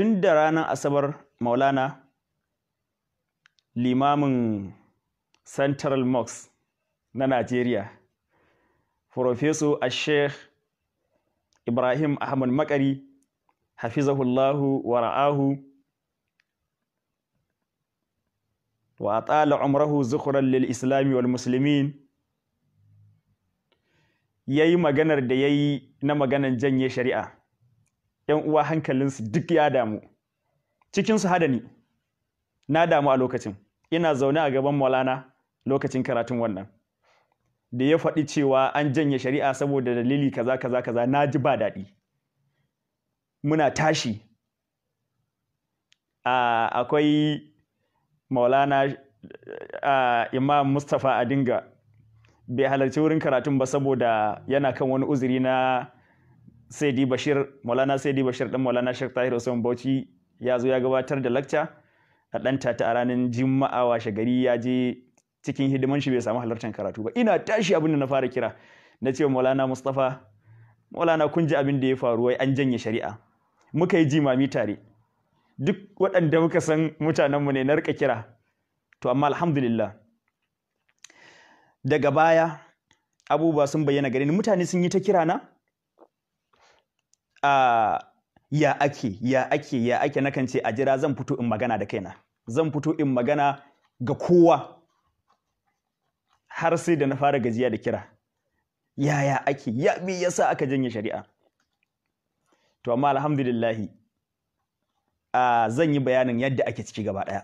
tun da ranar asabar maulana limamin central mosque na najeriya Profeso Sheikh Ibrahim Ahmad Makari, hafizahullahu wa ra'ahu wa atala umrahu zukhran lil islami wal muslimin yayi maganar da yayi na maganar janye shari'a 'yan uwa hankalinsu duk ya damu cikinsu hada ni na damu a lokacin ina zaune a gaban maulana lokacin karatun wannan da ya faɗi cewa an janye shari'a saboda dalili kaza kaza kaza na ji ba daɗi muna tashi akwai maulana imam mustapha adinga bai halarci wurin karatun ba saboda yana kan wani uzuri na Saidi Bashir Maulana Saidi Bashir dan Maulana Sheikh Tahir Usman Bauchi ya zo ya gabatar da lecture a dan tata a ranar Juma'a washe gari ya je cikin hidiman shi bai samu halartar karatu ba ina tashi abin da na fara kira na ce Maulana Mustafa Maulana kun ji abin da ya faru wai an janye shari'a muka yi jimami tare duk waɗanda muka san mutanenmu ne na rika kira to amma alhamdulillah daga baya abubuwa sun bayyana gare ni mutane sun yi ta kira na ya ake ya ake ya ake nakan ce a jira zan fito in magana da kaina zan fito in magana ga kowa har sai da na fara gajiya da kira Ya ya ake ya me yasa aka janye shari'a to amma alhamdulillahi a zan yi bayanin yadda ake ciki gaba ɗaya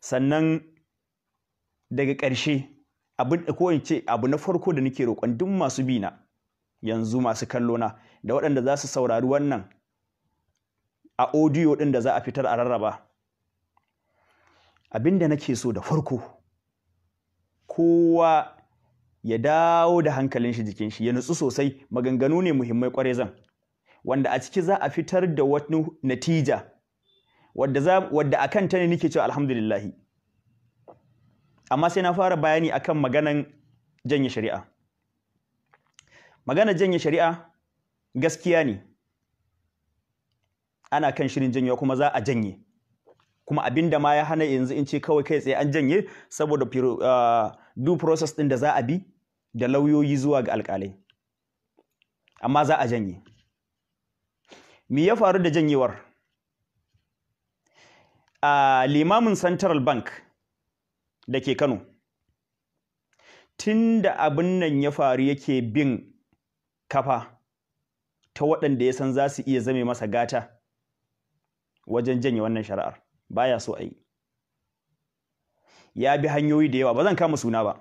sannan daga ƙarshe abu ko in abu na farko da nake roƙon duk masu bi na yanzu masu kallo na da waɗanda za su saurari wannan a odiyo ɗin da za a fitar a rarraba abinda nake so da farko kowa ya dawo da hankalin shi jikin shi ya nutsu sosai maganganu ne muhimmai kwarai zan wanda a ciki za a fitar da wani natija wadda a kan ta ne nake cewa alhamdulillahi amma sai na fara bayani akan maganan janye shari'a magana janye shari'a gaskiya ne ana kan shirin janyewa kuma za a janye kuma abin da ma ya hana yanzu in ce kawai kai tsaye an janye saboda ah, due process din da za a bi da lauyoyi zuwa ga alkalai amma za a janye me ya faru da janyewar a limamin central bank da ke kano tun da abin nan ya faru yake bin kafa ta waɗanda ya san za su iya zame masa gata wajen janye wannan shari'ar baya so a yi ya bi hanyoyi da yawa ba zan kama suna ba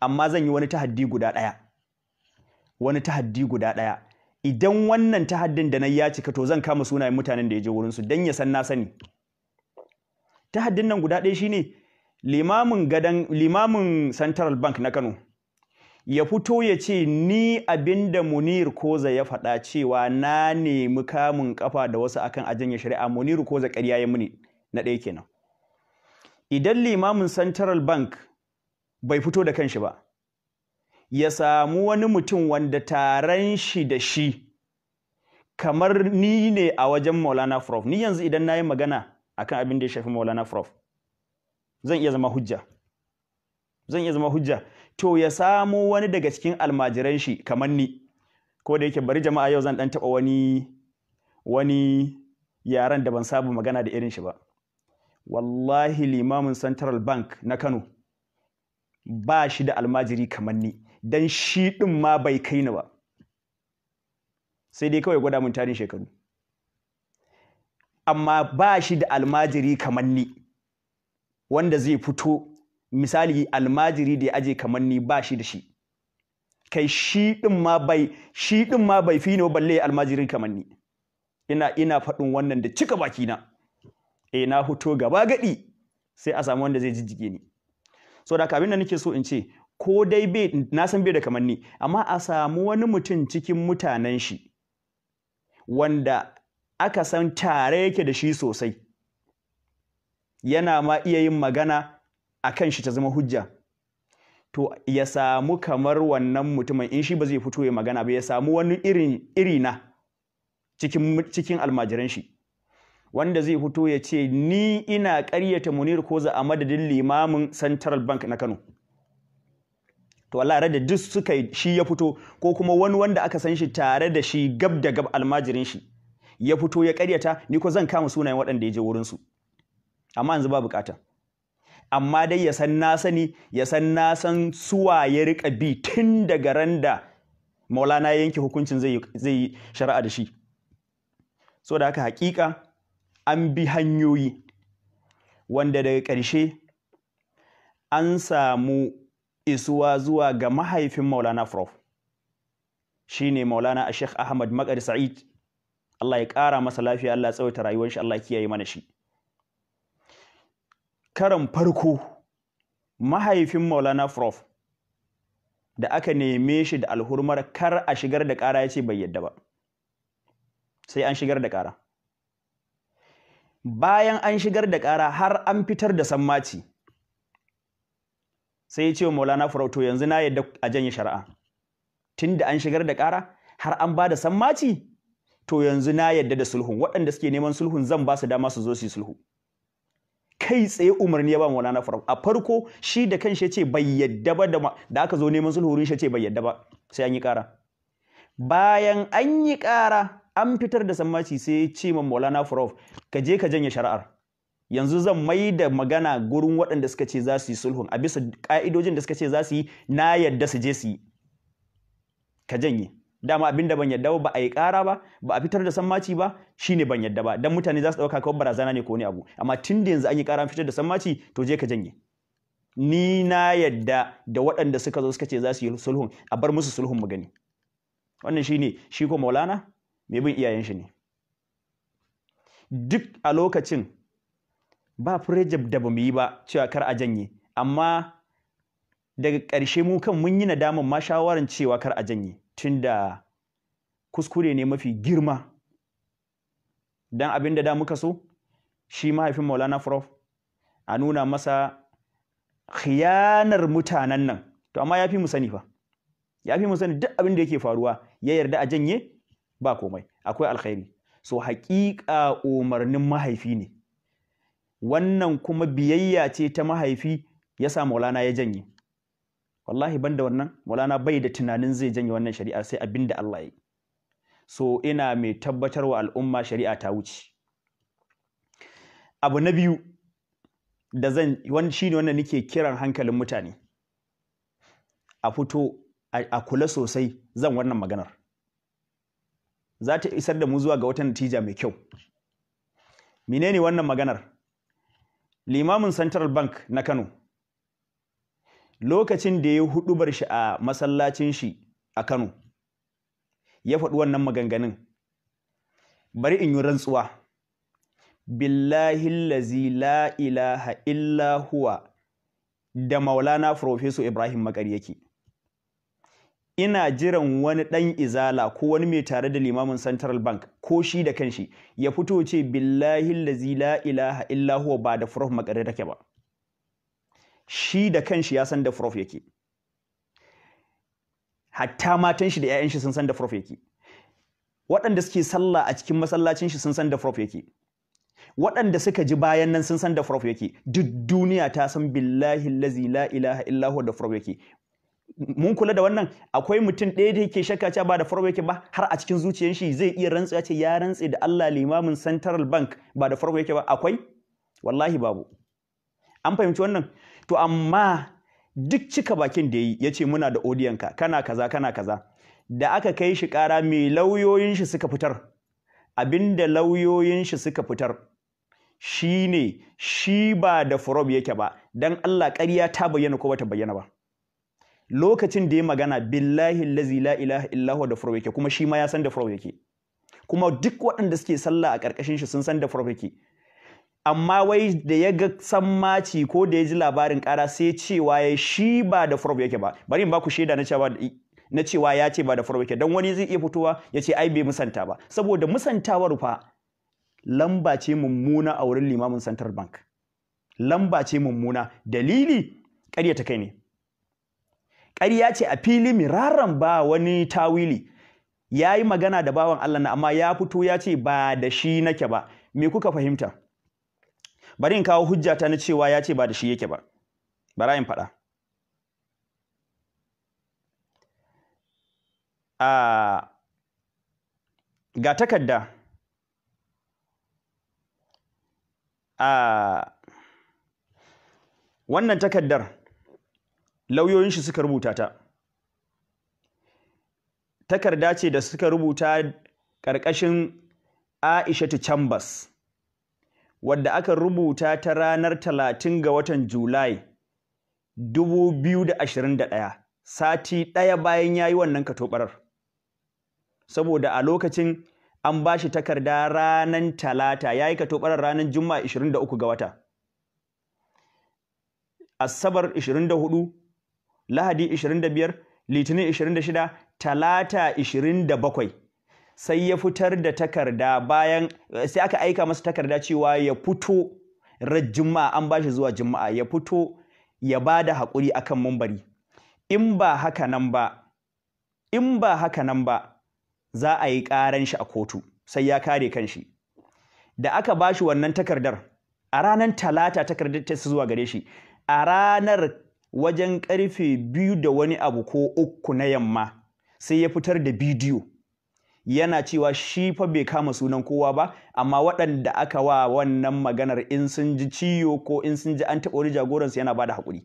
amma zan yi wani tahaddi guda ɗaya wani tahaddi guda ɗaya idan wannan tahaddin da na ya cika to zan kama sunayen mutanen da ya je wurinsu don ya san na sani tahaddin nan guda ɗaya shine limamin gadan limamin central bank na kano ya fito ya ce ni abinda Munir Koza ya faɗa cewa na nemi kamun kafa da wasu akan ajanya shari'a Munir Koza ƙarya ya muni na ɗaya kenan idan limamin Central Bank bai fito da kanshi ba ya samu wani mutum wanda taron shi da shi kamar ni ne a wajen Maulana Prof ni yanzu idan na yi magana akan abin da ya shafi Maulana Prof zan iya zama hujja zan iya zama hujja to ya samo wani daga cikin almajiran shi kamar ni ko da yake bari jama'a yau zan dan taba wani wani yaran da ban sabu magana da irin shi ba wallahi limamin central bank na kano ba shi da almajiri kamar ni dan shi din ma bai kai ni ba sai dai kawai gwada mun tarin shekaru amma ba shi da almajiri kamar ni wanda zai fito misali almajiri da ya aje kamar ni ba shi da shi kai shi din ma bai shi din ma bai fi ne balle almajirin kamar ni ina ina faɗin wannan da cika baki na eh na huto gaba gadi sai a samu wanda zai jijjige ni so da kabin da nake so in ce ko dai bai na san bai da kamar ni amma a samu wani mutum cikin mutanen shi wanda aka san tare yake da shi sosai yana ma iya yin magana a kan shi ta zama hujja to ya samu kamar wannan mutumin in shi ba zai fito ya magana ba ya samu wani irin na cikin cikin almajiran shi wanda zai fito ya ce ni ina ƙaryata Munir Koza a madadin limamin Central Bank na Kano to wallahi da duk suka shi ya fito ko kuma wani wanda aka san shi tare da shi gab da gab almajirin shi ya fito ya ƙaryata ni ko zan kama sunayen waɗanda ya je wurinsu. amma yanzu ba bukata amma dai ya san na sani ya san na san suwa ya rika bi tun daga ran da maulana yanke hukuncin zai yi shari'a da shi so da haka hakika an bi hanyoyi wanda daga ƙarshe an samu isuwa zuwa ga mahaifin maulana prof shi ne maulana a sheikh ahmad makar sa'id allah ya ƙara masa lafiya allah ya tsawaita rayuwar shi allah kiyaye mana shi karan farko mahaifin maulana prof da aka neme shi da alhurmar kar a shigar da ƙara ya ce bai yadda ba sai an shigar da ƙara bayan an shigar da ƙara har an fitar da sammaci sai ya ce wa maulana to yanzu na yadda a janye shari'a tun da an shigar da ƙara har an ba da sammaci to yanzu na yadda da sulhun waɗanda suke neman sulhun zan ba su dama su zo su yi sulhu kai tsaye umarni ya ba na farko a farko shi da kanshi ce bai yadda ba da aka zo neman sulhurin shi ce bai yadda ba sai an yi kara. bayan an yi kara an fitar da sammaci sai ya ce ma Maulana farof ka je ka janye shari'ar yanzu zan mai da magana gurin waɗanda suka ce za su yi sulhun a bisa ka'idojin da suka ce za su yi na yadda su je su yi ka janye dama abin da ban yadda ba a yi ƙara ba ba a fitar da sammaci ba shine ban yadda ba dan mutane za su ɗauka kawai barazana ne ko wani abu amma tun da yanzu an yi ƙara fitar da sammaci to je ka janye ni na yadda da waɗanda suka zo suka ce za su yi sulhun a bar musu sulhun mu gani wannan shine shi ko maulana mai bin iyayen shi ne duk a lokacin ba firejab da ba mu yi ba cewa kar a janye amma daga ƙarshe mu kan mun yi nadaman ma shawaran cewa kar a janye tunda kuskure ne mafi girma don abin da muka so shi mahaifin Maulana Prof a nuna masa khiyanar mutanen nan to amma ya fi mu sani fa ya fi mu sani duk abin da yake faruwa ya yarda a janye ba komai akwai alkhairi so haƙiƙa umarnin mahaifi ne wannan kuma biyayya ce ta mahaifi ya sa maulana ya janye wallahi banda wannan maulana bai da tunanin zai janye wannan shari'a sai abin da Allah ya yi so ina mai tabbatar wa al'umma shari'a ta wuce abu na biyu da zan wani ne wannan nake kiran hankalin mutane a fito a kula sosai zan wannan maganar za ta isar da mu zuwa ga wata natija mai kyau menene wannan maganar limamin central bank na kano lokacin da ya bar shi a masallacin shi a Kano ya faɗi wannan maganganun bari in yi rantsuwa billahi la ilaha huwa da maulana professor Ibrahim Makari yake ina jiran wani ɗan izala ko wani mai tare da limamin central bank ko shi da kanshi ya fito ce billahi la huwa ba da furof makare take ba shi da kanshi ya san da prof yake hatta matan shi da ƴaƴan shi sun san da prof yake waɗanda suke sallah a cikin masallacin shi sun san da prof yake waɗanda suka ji bayan nan sun san da prof yake duk duniya ta san billahi lazi la ilaha huwa da prof yake mun kula da wannan akwai mutum ɗaya da yake shakka cewa ba da prof yake ba har a cikin zuciyar shi zai iya rantsu ya ce ya rantse da Allah limamin Central Bank ba da prof yake ba akwai wallahi babu an fahimci wannan to amma duk cika bakin da yi ce muna da odiyanka kana kaza kana kaza da aka kai shi ƙara mai lauyoyin shi suka fitar abinda lauyoyin shi suka fitar Shi ne shi ba da furob yake ba don Allah ƙarya ta bayyana ko bata bayyana ba lokacin da ya magana billahi lazi la ilaha da furob yake kuma shi ma ya san da furob yake kuma duk waɗanda suke sallah a ƙarƙashin shi sun san da furob yake amma wai da ya ga sammaci ko da ya ji labarin kara sai cewa ya shi ba da form yake ba bari in ba ku shaida na cewa na cewa ya ce ba da form yake dan wani zai iya fitowa ya ce ai bai musanta ba saboda musantawar fa lamba ce mummuna a wurin limamin central bank lamba ce mummuna dalili ƙarya ta kai ne ƙarya ce a fili miraran ba wani tawili ya yi magana da bawan Allah na amma ya fito ya ce ba da shi nake ba me kuka fahimta bari in kawo hujja ta na cewa ya ce ba da shi yake ba bara in faɗa ga takarda wannan takardar lauyoyin shi suka rubuta ta takarda ce da suka rubuta ƙarƙashin aishatu chambers wadda aka rubuta ta ranar 30 ga watan Julai 2021 sati ɗaya bayan ya yi wannan katobarar saboda a lokacin an ba shi takarda ranar talata ya yi katobarar ranar juma'a 23 ga wata asabar 24 lahadi 25 litinin 26 talata 27 sai ya fitar da takarda bayan sai aka aika masa takarda cewa ya fito ran juma'a an shi zuwa juma'a ya fito ya ba da hakuri akan mambari. in ba haka nan ba in ba haka nan ba za a yi ƙaran shi a kotu sai ya kare kan shi. da aka ba shi wannan takardar a ranar talata takardar ta zuwa gare shi a ranar wajen karfe biyu da wani abu ko uku na yamma sai ya fitar da bidiyo yana cewa shi fa bai kama sunan kowa ba amma waɗanda aka wa wannan maganar in sun ji ciyo ko in sun ji an taɓa wani jagoransu yana ba da haƙuri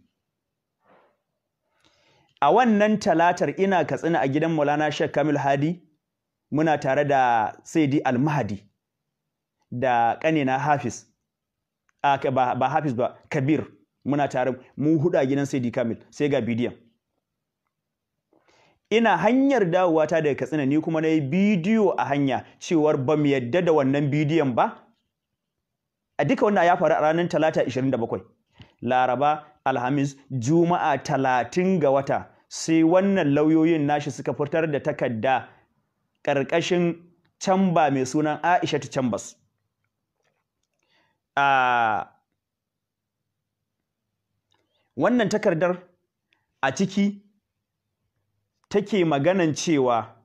a wannan talatar ina katsina a gidan Maulana shek Kamil Hadi muna tare da Saidi al da ƙanina Hafiz ba, Hafiz ba Kabir muna tare mu huda gidan Saidi Kamil sai ga bidiyon ina hanyar dawowa ta daga katsina ni kuma na yi bidiyo a hanya cewar ba mu yadda da wannan bidiyon ba a duka wannan ya faru a ranar talata 27 laraba alhamis juma'a talatin ga wata sai wannan lauyoyin nashi suka fitar da takarda ƙarƙashin camba mai sunan aisha ta cambas wannan takardar a ciki take maganan cewa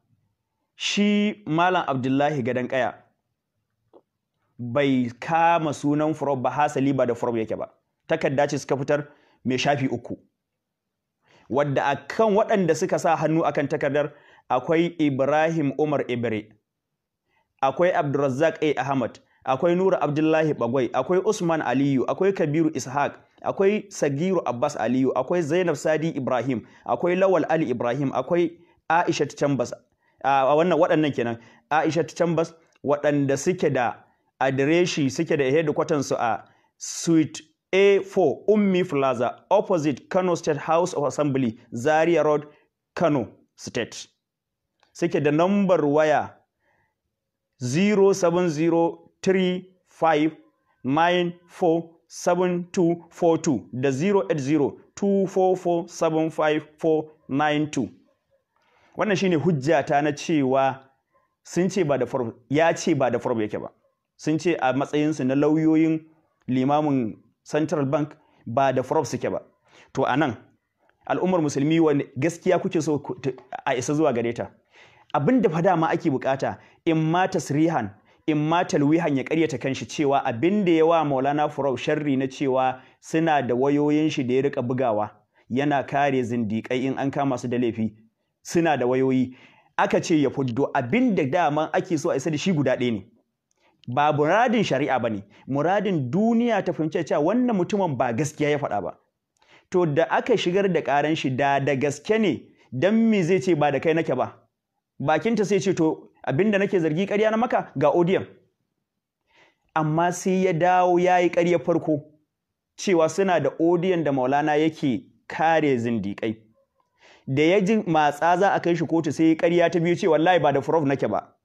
shi Malam Abdullahi gadon Kaya bai kama sunan furob ba hasali ba da furob yake ba. Takarda ce suka fitar mai shafi uku. Wadda akan waɗanda suka sa hannu akan takardar akwai Ibrahim Umar Ibre, akwai Abdulrazzaq A. Ahmad, akwai Nura Abdullahi Bagwai, akwai Usman Aliyu, akwai Kabiru Ishaq, akwai Sagiru Abbas Aliyu, akwai Zainab Sadi Ibrahim, akwai Lawal Ali Ibrahim, akwai Aisha Chambers. A wannan waɗannan kenan, Aisha Chambers waɗanda suke da adireshi suke da headquarters su a Suite A4 Ummi Plaza opposite Kano State House of Assembly, Zaria Road, Kano State. Suke da nambar waya 070 three five nine four seven two four two da zero eight zero two four four seven five four nine two wannan shine hujjata na cewa sun ce ba da farb ya ce ba da farb yake ba sun ce a matsayinsu na lauyoyin limamin central bank ba da farb suke ba to a nan al'ummar musulmi wani gaskiya kuke so a isa zuwa gare ta abin da fa dama ake bukata in ma tasrihan in ma talwihan ya karyata kanshi cewa abin da ya wa Maulana Furau sharri na cewa suna da wayoyin shi da ya rika bugawa yana kare zindikai in an kama su da laifi suna da wayoyi aka ce ya fuddo abin da daman ake so a isa da shi guda ɗaya ne ba muradin shari'a ba ne muradin duniya ta fahimci cewa wannan mutumin ba gaskiya ya faɗa ba to da aka shigar da ƙaran shi da da gaske ne dan me zai ce ba da kai nake ba bakinta sai ce to abinda nake zargi karya na maka ga odiyan amma sai ya dawo ya yi ƙarya farko cewa suna da odiyan da maulana yake kare zindiƙai da ya ji matsa za a kai shi kotu sai karya ta biyu cewa wallahi ba da furof nake ba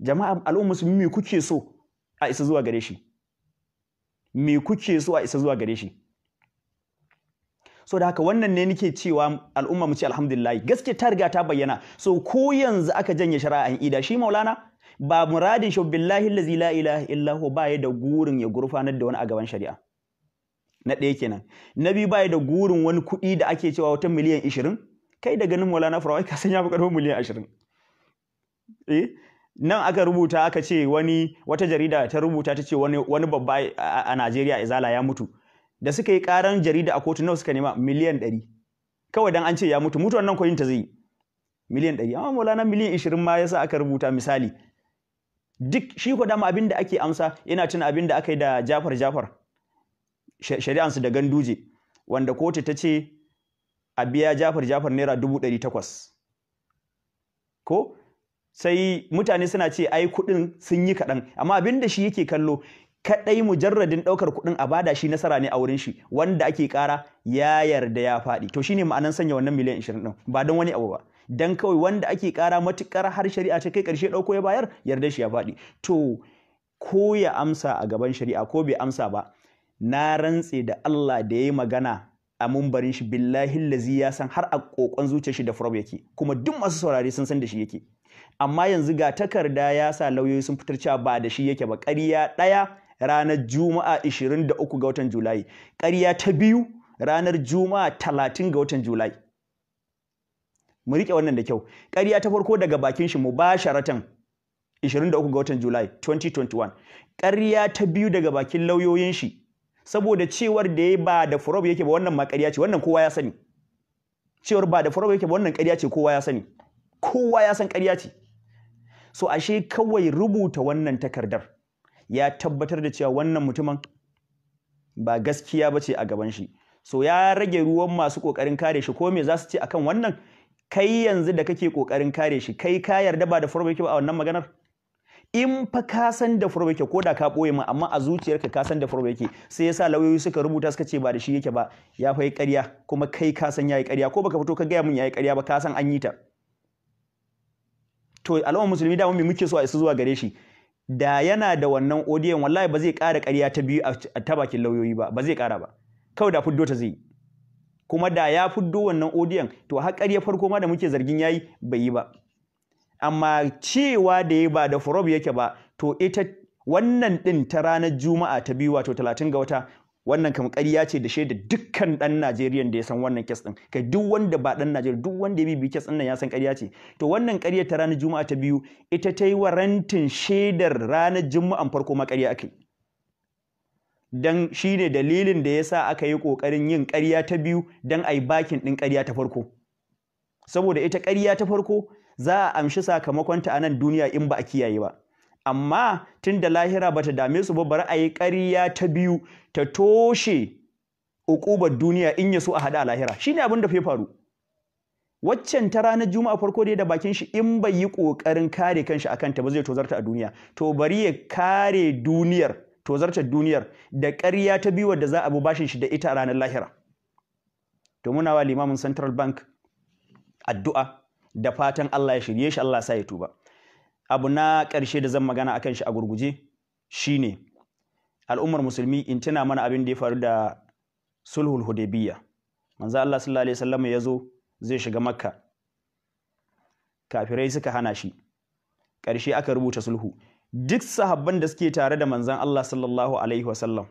jama'a al'umma musulmi me kuke so a isa zuwa gare shi me kuke so a isa zuwa gare shi so da haka wannan ne nake cewa al'umma mu ce alhamdulillah gaske ta riga ta bayyana so ko yanzu aka janye shari'a an ida shi maulana ba muradin shi billahi allazi la ilaha illa hu baya da gurin ya gurfanar da wani a gaban shari'a na ɗaya kenan na biyu baya da gurin wani kuɗi da ake cewa wata miliyan 20 kai da ganin maulana farawai ka san ya fi karfin miliyan 20 eh? nan aka rubuta aka ce wani wata jarida ta rubuta ta ce wani babba a Najeriya izala ya mutu da suka yi karan jarida a kotu nawa suka nema miliyan ɗari kawai dan an ce ya mutu mutu nan koyin ta zai miliyan ɗari amma maulana miliyan ishirin ma yasa aka rubuta misali duk shi ko dama abin da ake amsa yana tuna abin da aka yi da jafar jafar shari'ansu da ganduje wanda kotu ta ce a biya jafar jafar naira dubu ɗari takwas ko sai mutane suna ce ai kuɗin sun yi kaɗan amma abin da shi yake kallo kaɗai mujarradin ɗaukar kuɗin a bada shi nasara ne a wurin shi wanda ake kara ya yarda ya faɗi to shine ma'anan sanya wannan miliyan 20 ɗin ba don wani abu ba dan kawai wanda ake kara matukar har shari'a ta kai karshe ɗauko ya bayar yarda shi ya faɗi to ko ya amsa a gaban shari'a ko bai amsa ba na rantse da Allah da ya yi magana a mumbarin shi billahi lazi ya san har a kokon zuciyar shi da furab yake kuma duk masu saurare sun san da shi yake amma yanzu ga takarda ya sa lauyoyi sun fitar cewa ba da shi yake ba ƙarya ɗaya ranar Juma'a 23 ga watan Julai ƙarya ta biyu ranar Juma'a 30 ga watan Julai mu rike wannan da kyau ƙarya ta farko daga bakin shi mubasharatan 23 ga watan Julai 2021 ƙarya ta biyu daga bakin lauyoyin shi saboda cewar da ya ba da furob yake ba wannan ma ƙarya ce wannan kowa ya sani cewar ba da furob yake ba wannan ƙarya ce kowa ya sani kowa ya san ƙarya ce so ashe kawai rubuta wannan takardar ya tabbatar da cewa wannan mutumin ba gaskiya ba ce a gaban shi so ya rage ruwan masu ƙoƙarin kare shi ko me za su ce akan wannan kai yanzu da kake ƙoƙarin kare shi kai ka yarda ba da furba yake ba a wannan maganar in fa ka san da furba yake ko da ka ɓoye ma amma a zuciyarka ka san da furba yake sai yasa lauyoyi suka rubuta suka ce ba da shi yake ba ya fa yi ƙarya kuma kai ka san yayi ƙarya ko baka fito ka gaya min yayi ƙarya ba ka san an yi ta to al'ummar musulmi da me muke so a isa zuwa gare shi da yana da wannan odiyon wallahi ba zai ƙara ƙarya ta biyu a ta bakin lauyoyi ba ba zai ƙara ba kawai da fuddo ta zai kuma da ya fuddo wannan odiyon to har ƙarya farko ma da muke zargin yayi bai yi ba amma cewa da ya ba da furob yake ba to ita wannan ɗin ta ranar juma'a ta biyu wato talatin ga wata wannan kam ƙarya ce da shaida dukkan ɗan Najeriya da ya san wannan kes ɗin kai duk wanda ba ɗan Najeriya duk wanda ya bibi kes ɗin ya san ƙarya ce to wannan ƙarya ta ranar Juma'a ta biyu ita ta yi rantin shaidar ranar Juma'an farko ma ƙarya akai dan shine dalilin da yasa aka yi ƙoƙarin yin ƙarya ta biyu dan ai bakin ɗin ƙarya ta farko saboda ita ƙarya ta farko za a amshi sakamakonta a nan duniya in ba a kiyaye ba amma tun da lahira bata dame su ba bari a yi ƙarya ta biyu ta toshe uƙubar duniya in ya so a haɗa a lahira ne abin da ya faru waccan ta ranar juma'a farko dai da bakin shi in bai yi ƙoƙarin kare kanshi akan ta ba zai tozarta a duniya to bari ya kare duniyar tozartar duniyar da ƙarya ta biyu wadda za a bi bashin shi da ita a ranar lahira to muna wa limamin central bank addu'a da fatan Allah ya shirye shi Allah sa ya tuba abu na ƙarshe da zan magana akan shi a gurguje shine al'ummar musulmi in tuna mana abin da ya faru da sulhul hudaybiya manzo Allah sallallahu alaihi wasallam ya zo zai shiga makka kafirai suka hana shi ƙarshe aka rubuta sulhu duk sahabban da suke tare da manzan Allah sallallahu alaihi wasallam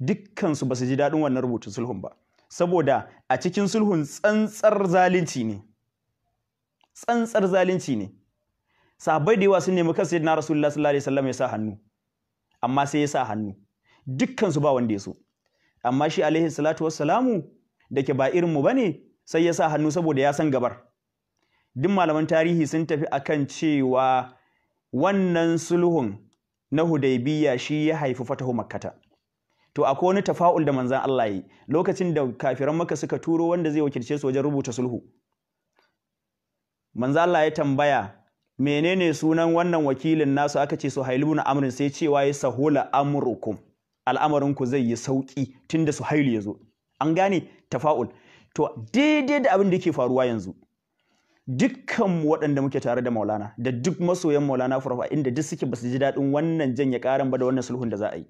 dukkansu ba su ji daɗin wannan rubutun sulhun ba saboda a cikin sulhun tsantsar zalunci ne tsantsar zalunci ne sahabbai da yawa sun nemi kan sayyidina rasulullah sallallahu alaihi wasallam ya sa hannu amma sai ya sa hannu dukkan su ba wanda ya so amma shi alaihi salatu wassalamu da ke ba irin mu bane sai ya sa hannu saboda ya san gabar duk malaman tarihi sun tafi akan cewa wannan sulhun na hudaybiya shi ya haifi fatahu makkata to akwai wani tafa'ul da manzan Allah yi lokacin da kafiran maka suka turo wanda zai wakilce su wajen rubuta sulhu manzo Allah ya tambaya menene sunan wannan wakilin nasu aka ce su hailu na Amrin sai cewa ya sahula amrukum al'amarin ku zai yi sauki tunda Suhailu ya zo an gane tafa'ul to daidai da abin da yake faruwa yanzu dukkan waɗanda muke tare da Maulana da duk masoyan Maulana Furafa inda duk suke basu ji daɗin wannan janye karan ba da wannan sulhun da za a yi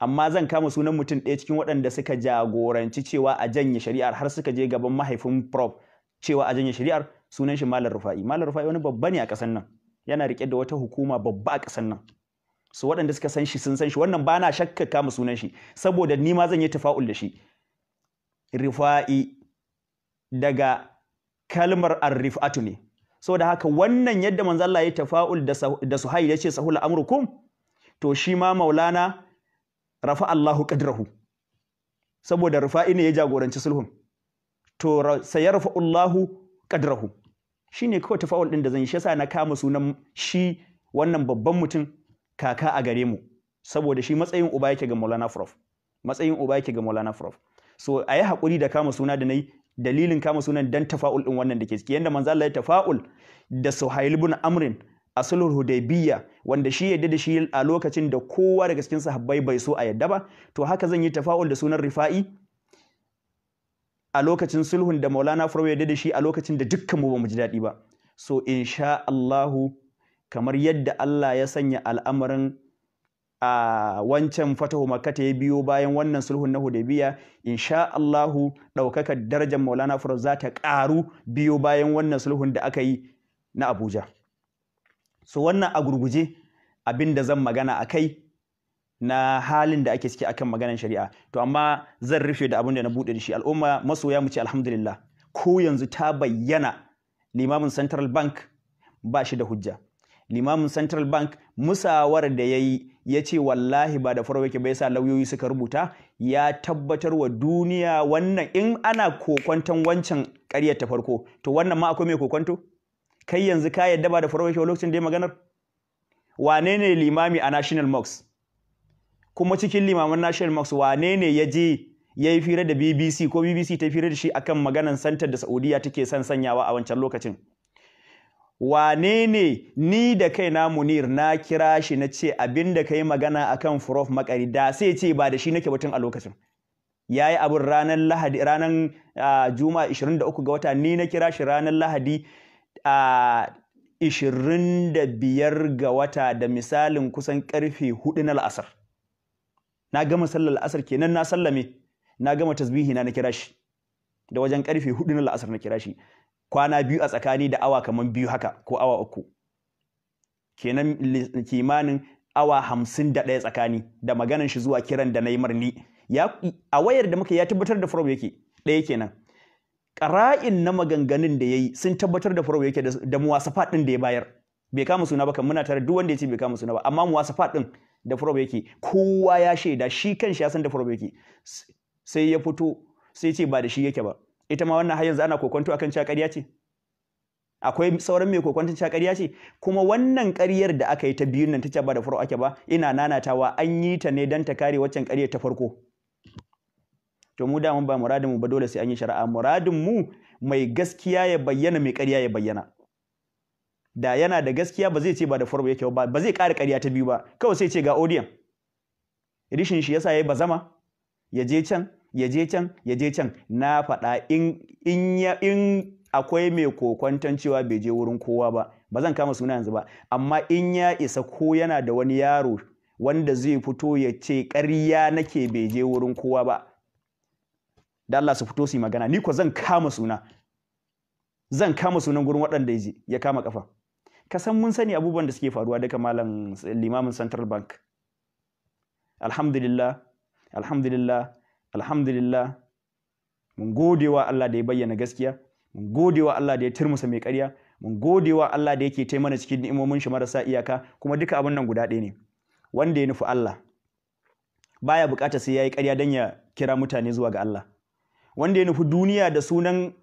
amma zan kama sunan mutum ɗaya cikin waɗanda suka jagoranci cewa a janye shari'ar har suka je gaban mahaifin Prof cewa a janye shari'ar sunan shi Malam Rufa'i Malam Rufa'i wani babba ne a ƙasar nan yana riƙe da wata hukuma babba a ƙasar nan su waɗanda suka san shi sun san shi wannan bana shakka kama sunan shi saboda ni ma zan yi tafa'ul da shi Rufa'i daga kalmar arrifatu ne saboda haka wannan yadda Manzala Allah ya tafa'ul da Suhail ya ce sahula amrukum to shi ma Maulana rafa Allahu qadrahu saboda Rufa'i ne ya jagoranci sulhun to sayarfa Allahu shi shine kawai tafa'ul ɗin da zan yi shi na kama sunan shi wannan babban mutum kaka a gare mu saboda shi matsayin uba yake ga Maulana Prof matsayin uba yake ga Maulana Prof so a yi hakuri da kama suna da na dalilin kama sunan dan tafa'ul ɗin wannan da ke ciki yadda manzo Allah ya tafa'ul da Suhail ibn Amrin a sulhul wanda shi yadda da shi a lokacin da kowa daga cikin sahabbai bai so a yadda ba to haka zan yi tafa'ul da sunan Rifa'i a lokacin sulhun da Maulana Farwa ya da shi a lokacin da dukkan mu bamu ji daɗi ba so insha Allahu kamar yadda Allah ya sanya al'amarin a wancan fatahu makkata ya biyo bayan wannan sulhun na hudaybiya insha Allahu ɗaukakar darajar Maulana Farwa za ta ƙaru biyo bayan wannan sulhun da aka yi na Abuja so wannan a gurguje abin da zan magana a kai na halin da ake ciki akan maganar shari'a to amma zan rufe da abin da na bude da shi al'umma masoya mu ce alhamdulillah ko yanzu ta bayyana limamin central bank ba shi da hujja limamin central bank musawar da ya ya ce wallahi ba da farko yake bai sa lauyoyi suka rubuta ya tabbatar wa duniya wannan in ana kokwanton wancan karyar ta farko to wannan ma akwai mai kokwanto kai yanzu ka yadda ba da farko yake lokacin da ya maganar wane ne limami a national mosque kuma cikin limaman national Max wane ne ya je ya yi fira da BBC ko BBC ta fira da shi akan maganan santar da Saudiya take son sanyawa a wancan lokacin wane ne ni da kai na Munir na kira shi na ce abin da kai magana akan Prof Makari da sai ce ba da shi nake batun a lokacin ya yi abin ranar Lahadi ranar Juma'a 23 ga wata ni na kira shi ranar Lahadi a 25 ga wata da misalin kusan karfe 4 na la'asar. na gama sallar la'asar kenan na sallame na gama tasbihi na na kira shi da wajen karfe hudu na la'asar na kira shi kwana biyu a tsakani da awa kaman biyu haka ko awa uku kenan kimanin awa hamsin da ɗaya tsakani da maganan shi zuwa kiran da na yi marni a wayar da muka ya tabbatar da farau yake ɗaya kenan ƙara'in na maganganun da ya yi sun tabbatar da farau yake da muwasafa ɗin da ya bayar bai kama suna ba kan muna tare duk wanda ya ce bai kama suna ba amma muwasafa ɗin da probe yake kowa ya shaida shi kanshi ya san da probe yake sai ya fito sai ce ba da shi yake ba ita ma wannan har yanzu ana kokonto akan cewa ƙarya ce akwai sauran mai kokwantin cewa ƙarya ce kuma wannan ƙaryar da aka yi ta biyun nan ta ce ba da furo ake ba ina nanatawa an yi ta ne don ta kare waccan ƙaryar ta farko to mu da ba muradin mu ba dole sai an yi shari'a muradin mu mai gaskiya ya bayyana mai ƙarya ya bayyana da yana da gaskiya ba zai ce ba da form yake ba ba zai ƙara ƙarya ta biyu ba kawai sai ce ga odiyan rishin shi yasa yayi bazama ya je can ya je can ya je can na faɗa in in ya in akwai mai kokwanton cewa bai je wurin kowa ba ba zan kama suna yanzu ba amma in ya isa ko yana da wani yaro wanda zai fito ya ce ƙarya nake bai je wurin kowa ba da Allah su fito su yi magana ni ko zan kama suna zan kama sunan gurin waɗanda ya ya kama kafa ka san mun sani abubuwan da suke faruwa daga malam limamin central bank alhamdulillah alhamdulillah alhamdulillah mun gode wa Allah da ya bayyana gaskiya mun gode wa Allah da ya turmusa mai ƙarya mun gode wa Allah da yake taimana cikin ni'imomin shi marasa iyaka kuma duka abun nan guda ɗaya ne wanda ya nufi Allah baya bukata sai yayi karya dan ya kira mutane zuwa ga Allah wanda ya nufi duniya da sunan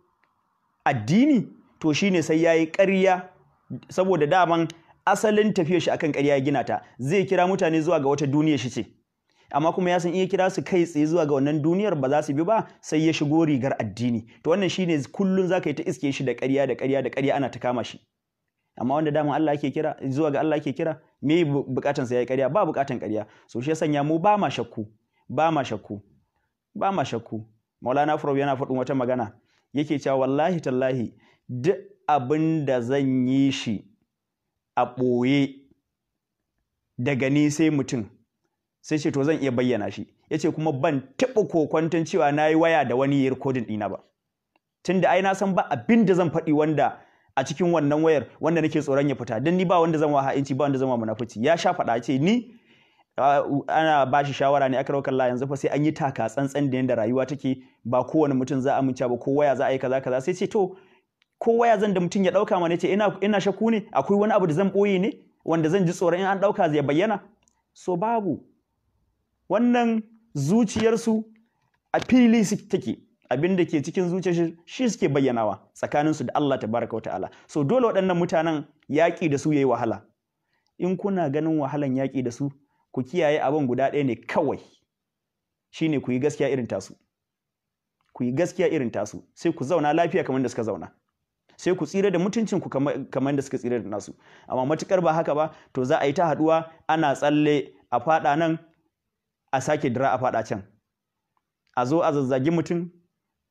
addini to shine sai yayi karya. saboda daman asalin tafiyar shi akan ƙarya ya gina ta zai kira mutane zuwa ga wata duniyar shi ce amma kuma ya san iya kira su kai tsaye zuwa ga wannan duniyar ba za su bi ba sai ya shigo rigar addini to wannan shi shine kullun zaka yi ta iske shi da ƙarya da ƙarya da ƙarya ana ta kama shi amma wanda daman Allah yake kira zuwa ga Allah yake kira me bukatan sa yayi ƙarya ba bukatan ƙarya so shi sanya mu ba ma shakku ba ma shakku ba ma shakku Maulana Furau yana faɗin wata magana yake cewa wallahi tallahi duk abin da zan yi shi a ɓoye daga ni sai mutum sai ce to zan iya bayyana shi ya ce kuma ban taɓa kokwantan cewa na yi waya da wani ya rikodin ɗina ba tun da ai na san ba abin da zan faɗi wanda a cikin wannan wayar wanda nake tsoron ya fita don ni ba wanda zan wa ha'inci ba wanda zan wa munafuci ya sha faɗa ce ni ana ba shi shawara ne aka raukar yanzu fa sai an yi taka tsantsan da yadda rayuwa take ba kowane mutum za a amince ba ko waya za a yi kaza kaza sai ce to ko waya zan da mutum ya ɗauka mana ce ina ina shaku ne akwai wani abu da zan ɓoye ne wanda zan ji tsoron in an ɗauka zai bayyana so babu wannan zuciyarsu a fili take abin da ke cikin zuciyar shi suke bayyanawa tsakaninsu da Allah tabaraka wa ta'ala so dole waɗannan mutanen yaƙi da su yayi wahala in kuna ganin wahalan yaƙi da su ku kiyaye abin guda ɗaya ne kawai shine ku yi gaskiya irin tasu ku yi gaskiya irin tasu sai ku zauna lafiya kamar da suka zauna sai ku tsira da mutuncin ku kamar da suka tsira da nasu amma matukar ba haka ba to za a yi ta haduwa ana tsalle a fada nan a sake dira a fada can a zo a zazzagi mutum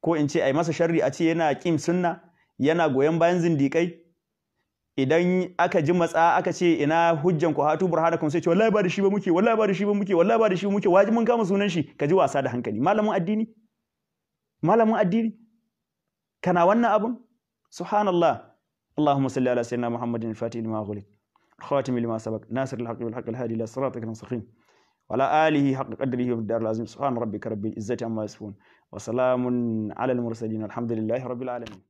ko in ce a yi masa sharri a ce yana kim sunna yana goyon bayan zindikai idan aka ji matsa aka ce ina hujjan ku hatu burhanakum sai ce wallahi ba da shi ba muke wallahi ba da shi ba muke wallahi ba da shi ba muke waji mun kama sunan shi ka ji wasa da hankali malamin addini malamin addini kana wannan abun سبحان الله اللهم صل على سيدنا محمد الفاتح لما غلق الخاتم لما سبق ناصر الحق والحق الهادي إلى صراطك المستقيم وعلى آله حق قدره وبالدار العظيم سبحان ربك رب العزة عما يصفون وسلام على المرسلين الحمد لله رب العالمين